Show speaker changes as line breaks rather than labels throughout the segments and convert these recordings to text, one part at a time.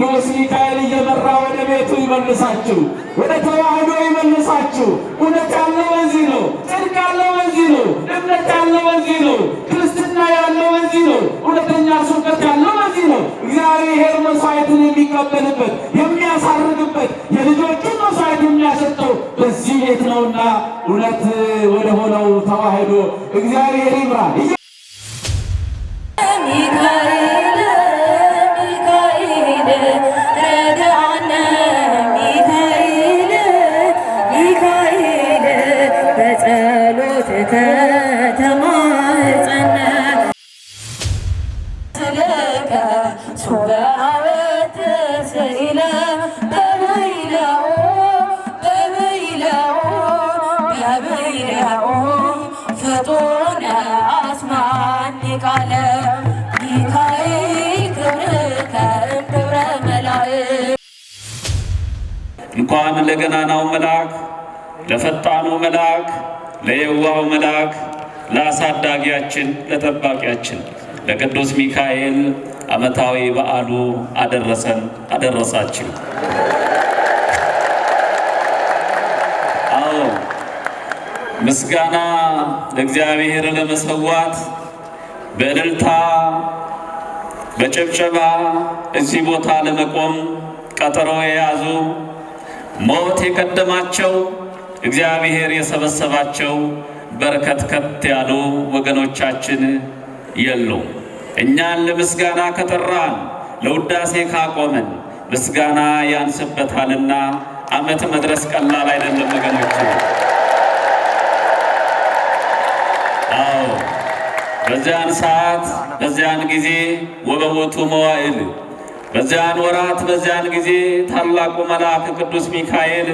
ቅዱስ ሚካኤል እየመራ ወደ ቤቱ ይመልሳችሁ፣ ወደ ተዋህዶ ይመልሳችሁ። እውነት ያለው በዚህ ነው። ጽድቅ ያለው በዚህ ነው። እምነት ያለው በዚህ ነው። ክርስትና ያለው በዚህ ነው። እውነተኛ ስብከት ያለው በዚህ ነው። እግዚአብሔር መስዋዕትን የሚቀበልበት የሚያሳርግበት፣ የልጆቹን መስዋዕት የሚያሰጠው በዚህ ቤት ነውና እውነት ወደ ሆነው ተዋህዶ እግዚአብሔር ይምራል።
እንኳን ለገናናው መልአክ ለፈጣኑ መልአክ ለየዋው መልአክ ለአሳዳጊያችን ለጠባቂያችን ለቅዱስ ሚካኤል ዓመታዊ በዓሉ አደረሰን አደረሳችሁ። አዎ ምስጋና ለእግዚአብሔር ለመሰዋት በእልልታ በጭብጨባ እዚህ ቦታ ለመቆም ቀጠሮ የያዙ ሞት የቀደማቸው እግዚአብሔር የሰበሰባቸው በርከት ከት ያሉ ወገኖቻችን የሉ። እኛን ለምስጋና ከጠራን ለውዳሴ ካቆመን ምስጋና ያንስበታልና ዓመት መድረስ ቀላል አይደለም ወገኖች። አዎ በዚያን ሰዓት በዚያን ጊዜ ወበቦቱ መዋዕል በዚያን ወራት በዚያን ጊዜ ታላቁ መልአክ ቅዱስ ሚካኤል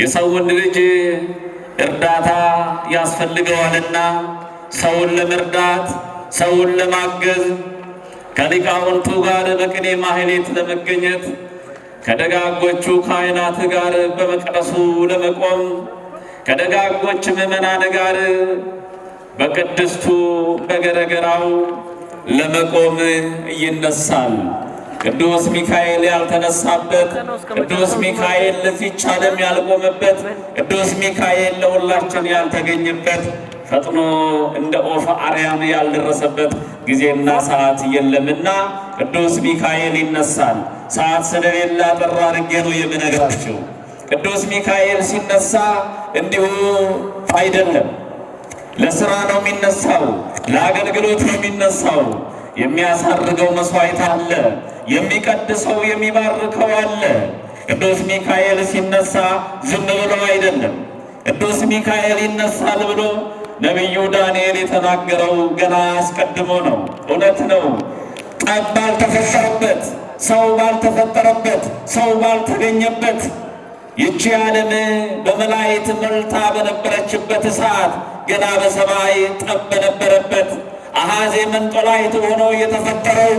የሰውን ልጅ እርዳታ ያስፈልገዋልና ሰውን ለመርዳት ሰውን ለማገዝ ከሊቃውንቱ ጋር በቅኔ ማህሌት ለመገኘት ከደጋጎቹ ካህናት ጋር በመቅደሱ ለመቆም ከደጋጎች ምዕመናን ጋር በቅድስቱ በገረገራው ለመቆም ይነሳል። ቅዱስ ሚካኤል ያልተነሳበት፣ ቅዱስ ሚካኤል ለዚች ዓለም ያልቆመበት፣ ቅዱስ ሚካኤል ለሁላችን ያልተገኘበት ፈጥኖ እንደ ኦፈ አርያም ያልደረሰበት ጊዜና ሰዓት የለምና ቅዱስ ሚካኤል ይነሳል። ሰዓት ስለሌላ ጠራ አድርጌ ነው የምነግራችሁ። ቅዱስ ሚካኤል ሲነሳ እንዲሁ አይደለም። ለስራ ነው የሚነሳው፣ ለአገልግሎት ነው የሚነሳው። የሚያሳርገው መስዋዕት አለ፣ የሚቀድሰው የሚባርከው አለ። ቅዱስ ሚካኤል ሲነሳ ዝም ብሎ አይደለም። ቅዱስ ሚካኤል ይነሳል ብሎ ነቢዩ ዳንኤል የተናገረው ገና አስቀድሞ ነው። እውነት ነው። ጠብ ባልተፈጠረበት፣ ሰው ባልተፈጠረበት፣ ሰው ባልተገኘበት ይቺ ዓለም በመላእክት ሞልታ በነበረችበት ሰዓት ገና በሰማይ ጠብ በነበረበት አሃዜ መንጦላይት ሆኖ የተፈጠረው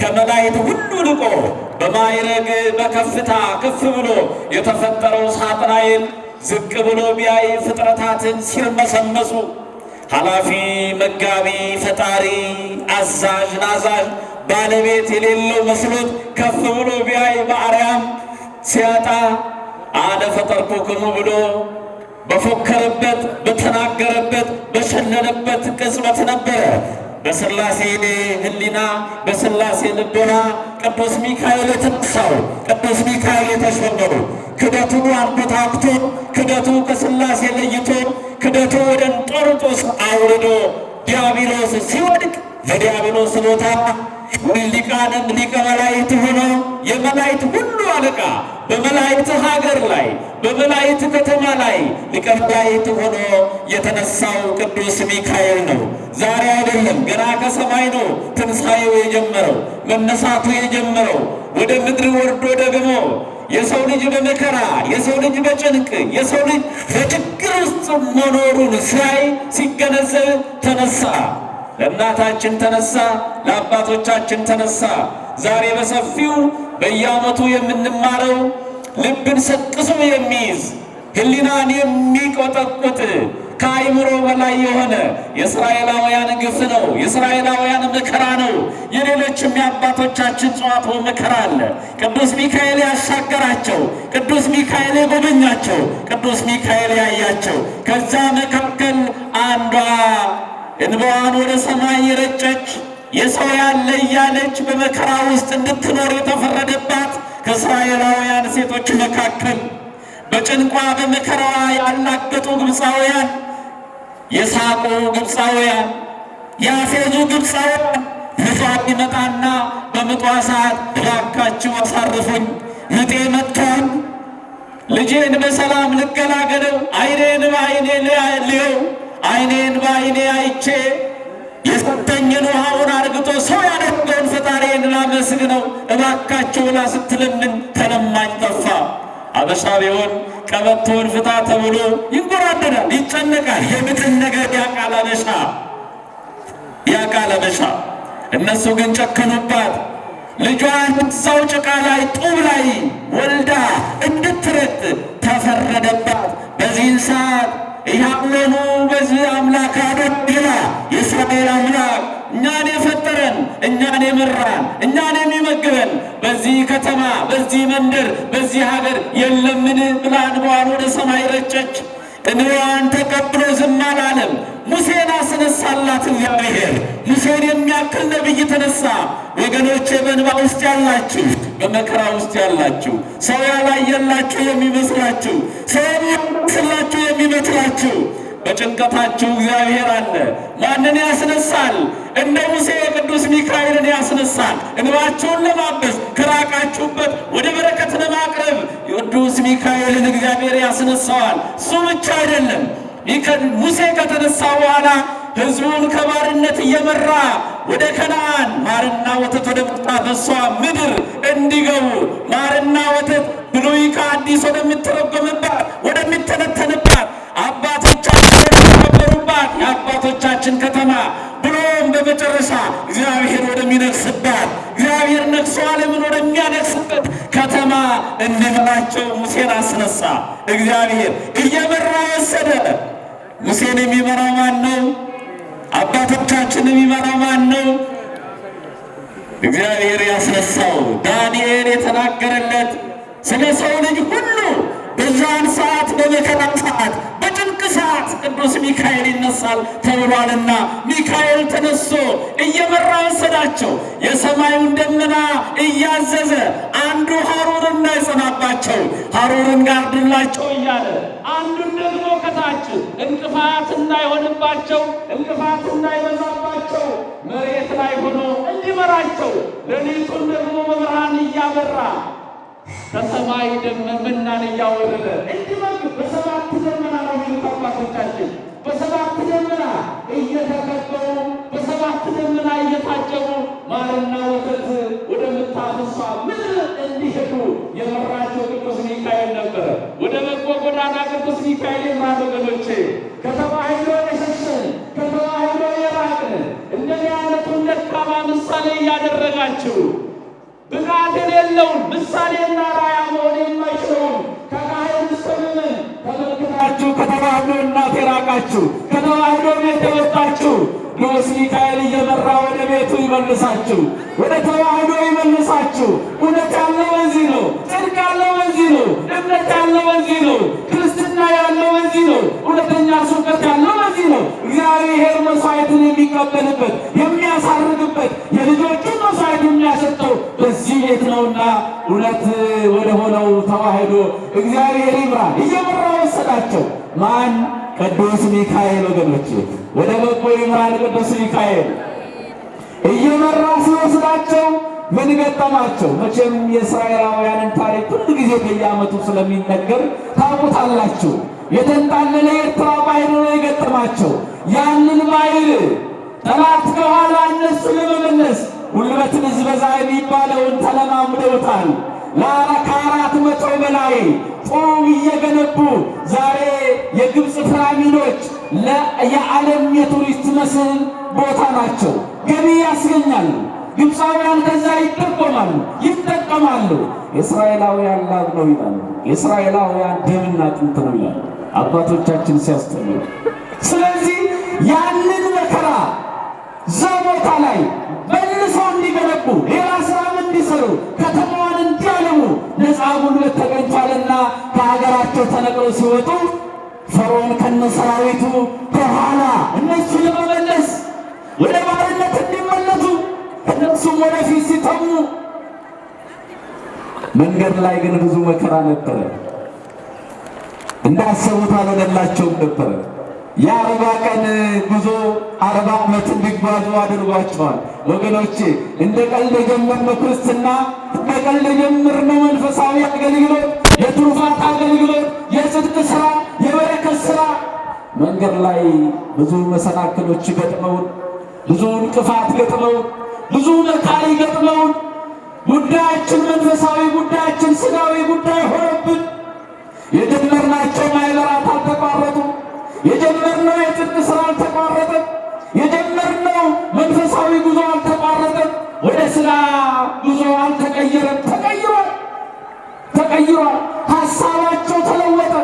ከመላይት ሁሉ ልቆ በማይረግ በከፍታ ከፍ ብሎ የተፈጠረው ሳጥናኤል ዝቅ ብሎ ቢያይ ፍጥረታትን ሲርመሰመሱ ኃላፊ፣ መጋቢ፣ ፈጣሪ፣ አዛዥ፣ ናዛዥ ባለቤት የሌለው መስሎት ከፍ ብሎ ቢያይ ማርያም ሲያጣ አነ ፈጠርኩክሙ ብሎ በፎከረበት በተናገረበት በሸለለበት ቅጽበት ነበረ በስላሴ ህሊና በስላሴ ልቦና ቅዱስ ሚካኤል የተነሳው ቅዱስ ሚካኤል የተሸመሩ ክደቱን አንበታክቶ ክደቱ ከስላሴ ለይቶ ክደቱ ወደ እንጦርጦስ አውርዶ ዲያብሎስ ሲወድቅ በዲያብሎስ ቦታ ሊቃነ ሊቀ መላእክት ሆኖ የመላእክት ሁሉ አለቃ በመላእክት ሀገር ላይ በመላእክት ከተማ ላይ ሊቀ መላእክት ሆኖ የተነሳው ቅዱስ ሚካኤል ነው። ዛሬ አይደለም፣ ገና ከሰማይ ነው ትንሣኤው የጀመረው መነሳቱ የጀመረው ወደ ምድር ወርዶ ደግሞ የሰው ልጅ በመከራ የሰው ልጅ በጭንቅ የሰው ልጅ በችግር ውስጥ መኖሩን ሲያይ ሲገነዘብ ተነሳ። ለእናታችን ተነሳ፣ ለአባቶቻችን ተነሳ። ዛሬ በሰፊው በየዓመቱ የምንማረው ልብን ሰቅሶ የሚይዝ ህሊናን የሚቆጠቁጥ ከአይምሮ በላይ የሆነ የእስራኤላውያን ግፍ ነው። የእስራኤላውያን ምከራ ነው። የሌሎችም የአባቶቻችን ጽዋቶ ምከራ አለ። ቅዱስ ሚካኤል ያሻገራቸው፣ ቅዱስ ሚካኤል የጎበኛቸው፣ ቅዱስ ሚካኤል ያያቸው ከዛ መካከል አንዷ እንባዋን ወደ ሰማይ የረጨች የሰው ያለ እያለች በመከራ ውስጥ እንድትኖር የተፈረደባት ከእስራኤላውያን ሴቶች መካከል በጭንቋ በመከራዋ ያላገጡ ግብፃውያን፣ የሳቁ ግብፃውያን፣ ያፌዙ ግብፃውያን ምጧ ቢመጣና በምጧ ሰዓት እባካችሁ አሳርፉኝ፣ ምጤ መጥቷል፣ ልጄን በሰላም ልገላገለው፣ አይኔን አይኔ ልየው አይኔን በአይኔ አይቼ የሰጠኝን ውሃውን አርግቶ ሰው ያደርገውን ፈጣሪዬን ላመስግነው እባካቸው ብላ ስትለምን ተለማኝ ጠፋ። አበሻ ቢሆን ቀበቶውን ፍታ ተብሎ ይንጎራደዳል፣ ይጨነቃል። የምጥን ነገር ያቃል አበሻ ያቃል አበሻ። እነሱ ግን ጨከኑባት። ልጇን እዛው ጭቃ ላይ ጡብ ላይ ወልዳ እንድትረት ተፈረደባት። በዚህን ሰዓት ያመኑ መንደር በዚህ ሀገር የለምን ብላ እንባዋን ወደ ሰማይ ረጨች። እንባዋን ተቀብሎ ዝም አላለም። ሙሴን አስነሳላት እግዚአብሔር። ሙሴን የሚያክል ነብይ ተነሳ። ወገኖቼ በእንባ ውስጥ ያላችሁ፣ በመከራ ውስጥ ያላችሁ፣ ሰው ያላየላችሁ የሚመስላችሁ፣ ሰው ስላችሁ የሚመስላችሁ በጭንቀታችሁ እግዚአብሔር አለ። ማንን ያስነሳል? እንደ ሙሴ የቅዱስ ሚካኤልን ያስነሳል። እንባችሁን ለማበስ ከራቃችሁበት ወደ በረከት ለማቅረብ የቅዱስ ሚካኤልን እግዚአብሔር ያስነሳዋል። እሱ ብቻ አይደለም። ሙሴ ከተነሳ በኋላ ሕዝቡን ከባርነት እየመራ ወደ ከነአን ማርና ወተት ወደ ምታፈሷ ምድር እንዲገቡ ህይወታችን የሚመራው ማን ነው? አባቶቻችን የሚመራው ማን ነው? እግዚአብሔር ያስነሳው ዳንኤል የተናገረለት ስለ ሰው ልጅ ሁሉ በዛን ሰዓት፣ በመከራ ሰዓት፣ በጭንቅ ሰዓት ቅዱስ ሚካኤል ይነሳል ተብሏልና ሚካኤል ተነሶ እየመራ ወሰዳቸው። የሰማዩን ደመና እያዘዘ አንዱ ሐሩር እንዳይጸናባቸው ሐሩርን ጋርድላቸው እያለ አንዱ እንዳይሆናችሁ እንቅፋት እንዳይሆንባቸው እንቅፋት እንዳይበዛባቸው መሬት ላይ ሆኖ እንዲመራቸው ሌሊቱን ደግሞ በብርሃን እያበራ ከሰማይ ደመ ምናን እያወረደ እንዲመግብ በሰባት ዘመና ነው የሚሉት አባቶቻችን። በሰባት ደመና እየተከበሩ በሰባት ደመና እየታጀቡ ማርና ወተት ወደምታፈሳ ምድር እንዲሄዱ የመራቸው ቅዱስ ሚካኤል ነበር። ወደ በጎ ጎዳና ቅዱስ ሚካኤል የመራን ወገኖቼ ከተዋሕዶ የሸሸን ከተዋሕዶ የራቅን እንደዚህ አይነቱን ደካማ ምሳሌ እያደረጋችሁ ብቃት የሌለውን ያደረጋችሁ ከተዋህዶ ቤት የወጣችሁ ቅዱስ ሚካኤል እየመራ ወደ ቤቱ ይመልሳችሁ፣ ወደ ተዋህዶ ይመልሳችሁ። እውነት ያለው በዚህ ነው። ጽድቅ ያለው በዚህ ነው። እምነት ያለው በዚህ ነው። ክርስትና ያለው በዚህ ነው። እውነተኛ ስብከት ያለው በዚህ ነው። እግዚአብሔር መስዋዕትን የሚቀበልበት የሚያሳርግበት፣ የልጆቹን መስዋዕት የሚያሰጠው በዚህ ቤት ነውና እውነት ወደ ሆነው ተዋህዶ እግዚአብሔር ይምራ። እየመራ ወሰዳቸው ማን ቅዱስ ሚካኤል ወገኖቼ ወደ በጎ ይምራን። ቅዱስ ሚካኤል እየመራ ሲወስዳቸው ምን ገጠማቸው? መቼም የእስራኤላውያንን ታሪክ ሁሉ ጊዜ በየዓመቱ ስለሚነገር ታውቁታላችሁ። የተንጣለለ የኤርትራ ባሕር ነው የገጠማቸው። ያንን ባሕር ጠላት ከኋላ እነሱ ለመመለስ ጉልበትን ብዝበዛ የሚባለውን ተለማምደውታል። ከአቅማቸው በላይ ቆም እየገነቡ ዛሬ የግብፅ ፒራሚዶች የዓለም የቱሪስት መስህብ ቦታ ናቸው። ገቢ ያስገኛሉ። ግብፃውያን ከዛ ይጠቆማሉ፣ ይጠቀማሉ። የእስራኤላውያን ላብ ነው ይላሉ። የእስራኤላውያን ደምና አጥንት ነው ይላሉ አባቶቻችን ሲያስጠሉ። ስለዚህ ያንን መከራ እዛ ቦታ ላይ መልሶ እንዲገነቡ ሌላ ስራም እንዲሰሩ ከተማዋን እንዲ ነፃ ጉልበት ተገኝቷልና ከሀገራቸው ተነቅለው ሲወጡ ፈርዖን ከነሰራዊቱ ከኋላ እነሱ ለመመለስ ወደ ባርነት እንዲመለሱ እነሱም ወደፊት ሲተሙ መንገድ ላይ ግን ብዙ መከራ ነበረ። እንዳሰቡት አልሆነላቸውም ነበረ። የአርባ ቀን ጉዞ አርባ ዓመት እንዲጓዙ አድርጓቸዋል። ወገኖቼ እንደ ቀልድ የጀመርነው ክርስትና በቀልድ ነው መንፈሳዊ አገልግሎት፣ የትሩፋት አገልግሎት፣ የጽድቅ ስራ የበረከት ስራ መንገድ ላይ ብዙ መሰናክሎች ገጥመውን፣ ብዙ እንቅፋት ገጥመውን፣ ብዙ መካሪ ገጥመውን ጉዳያችን መንፈሳዊ ጉዳያችን ሥጋዊ ጉዳይ ሆነብን። የጀመርናቸው ማኅበራት አልተቋረጡም። የጀመርነው የጽድቅ ሥራ አልተቋረጠም። የጀመርነው መንፈሳዊ ጉዞ አልተቋረጠም። ወደ ስራ ጉዞ አልተቀየረም። ተቀይሯል፣ ተቀይሯል። ሀሳባቸው ተለወጠ።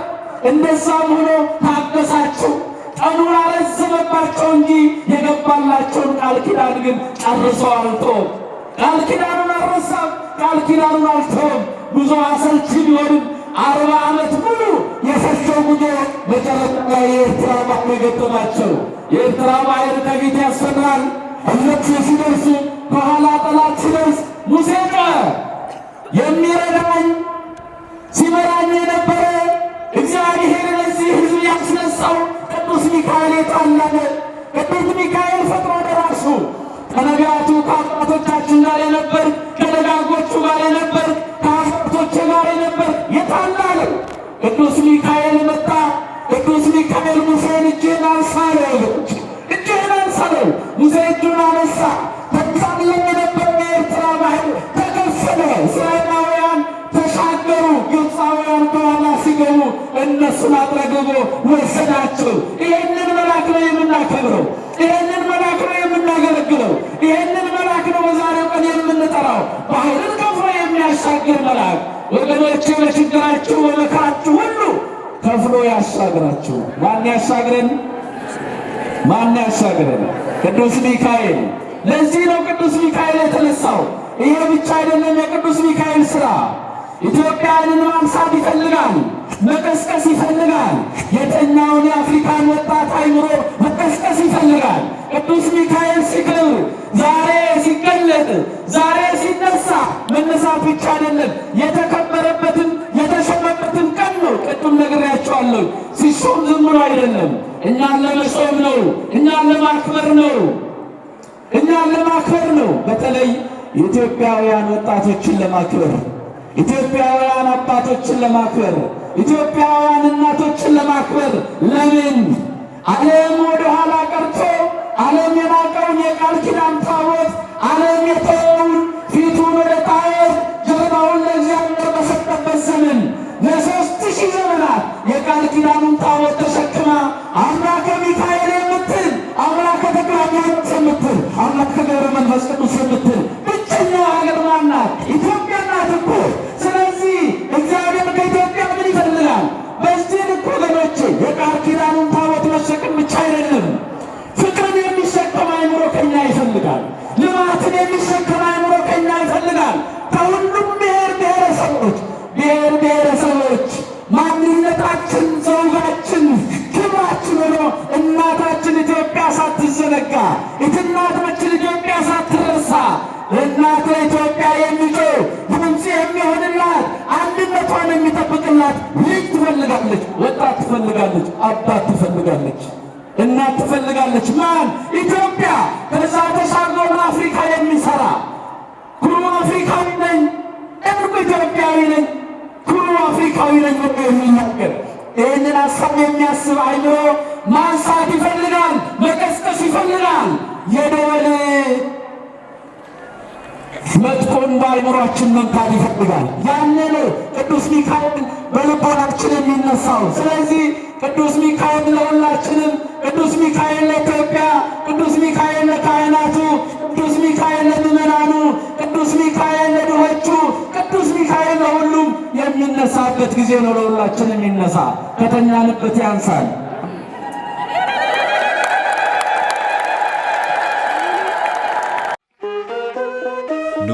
እንደዛም ሆኖ ታገሳችሁ። ቀኑን አረዘመባቸው እንጂ የገባላቸውን ቃል ኪዳን ግን ጨርሰው አልተውም። ቃል ኪዳኑን አልረሳም። ቃል ኪዳኑን አልተውም። ጉዞ አሰልቺ ቢሆንም አርባ ዓመት ሙሉ የሰቸው ጉዞ መጨረሻ የኤርትራ ባህር የገጠማቸው የኤርትራ ባህር ከፊት ያስፈራል። እነሱ ሲደርሱ ከኋላ ጠላት ሲደርስ ሙሴ ጮኸ። የሚረዳኝ ሲመራኝ የነበረ እግዚአብሔር ለዚህ ሕዝብ ያስነሳው ቅዱስ ሚካኤል የታለመ ቅዱስ ሚካኤል ፈጥሮ ለራሱ ከነቢያቱ ከአባቶቻችን ጋር የነበር ከደጋጎቹ ጋር የነበር ከአባቶች ጋር የነበር የታላለ ቅዱስ ሚካኤል መጣ። ቅዱስ ሚካኤል ሙሴን እጅህን አንሳ አለው። እጅህን ሙሴ እጁን አነሳ። ባህር ተከፈለ። እስራኤላውያን ተሻገሩ። ግብፃውያን ከኋላ ሲገቡ እነሱን አጥረግቦ ወሰዳቸው። ይህንን መልአክ ነው የምናከብረው። ይህንን መልአክ ነው የምናገለግለው። ይህንን መልአክ ነው በዛሬው ቀን የምንጠራው። ባህርን ከፍሎ የሚያሻግር መልአክ። ወገኖቼ በችግራችሁ በመከራችሁ ሁሉ ከፍሎ ያሻግራችሁ። ማን ያሻግረን? ማን ያሻግረን? ቅዱስ ሚካኤል። ለዚህ ነው ቅዱስ ሚካኤል የተነሳው። ይህ ብቻ አይደለም የቅዱስ ሚካኤል ስራ ኢትዮጵያንን ማንሳት ይፈልጋል፣ መቀስቀስ ይፈልጋል። የተኛውን የአፍሪካን ወጣት አይምሮ መቀስቀስ ይፈልጋል። ቅዱስ ሚካኤል ሲክብር ዛሬ ሲገለጥ ዛሬ ሲነሳ መነሳት ብቻ አይደለም የተከበረበትን የተሾመበትን ቀን ነው። ቅድም ነግሬያቸዋለሁ። ሲሾም ዝም ብሎ አይደለም፣ እኛን ለመሾም ነው፣ እኛን ለማክበር ነው፣ እኛን ለማክበር ነው። በተለይ ኢትዮጵያውያን ወጣቶችን ለማክበር፣ ኢትዮጵያውያን አባቶችን ለማክበር፣ ኢትዮጵያውያን እናቶችን ለማክበር ለምን ዓለም ወደ ኋላ ቀርቶ ዓለም የናቀውን የቃል ኪዳን ታቦት ዓለም የተወውን ፊቱን ወደ ጣዖት ጀርባውን ለእግዚአብሔር በሰጠበት ዘመን ለሶስት ሺህ ዘመናት የቃል ኪዳኑን ታቦት ተሸክማ አምላከ ሚካኤል የምትል አምላከ ተክለ የምትል አምላከ ገብረ መንፈስ ቅዱስ የምትል ናት ኢትዮጵያ ናት። ወጣት ልጅ ትፈልጋለች፣ ወጣት ትፈልጋለች፣ አባት ትፈልጋለች፣ እናት ትፈልጋለች። ማን ኢትዮጵያ ከዛ ተሻግረን አፍሪካ የሚሰራ ኩሩ አፍሪካዊ ነኝ፣ እርም ኢትዮጵያዊ ነኝ፣ ኩሩ አፍሪካዊ ነኝ ብሎ የሚናገር ይህንን ሀሳብ የሚያስብ አይኖ ማንሳት ይፈልጋል፣ መቀስቀስ ይፈልጋል። የደወል መጥቆ እንዳይኖራችን መምታት ይፈልጋል ያን ቅዱስ ሚካኤል በልቦናችን የሚነሳው። ስለዚህ ቅዱስ ሚካኤል ለሁላችንም፣ ቅዱስ ሚካኤል ለኢትዮጵያ፣ ቅዱስ ሚካኤል ለካህናቱ፣ ቅዱስ ሚካኤል ለምዕመናኑ፣ ቅዱስ ሚካኤል ለድሆቹ፣ ቅዱስ ሚካኤል ለሁሉም የሚነሳበት ጊዜ ነው። ለሁላችን የሚነሳ ከተኛንበት ያንሳል።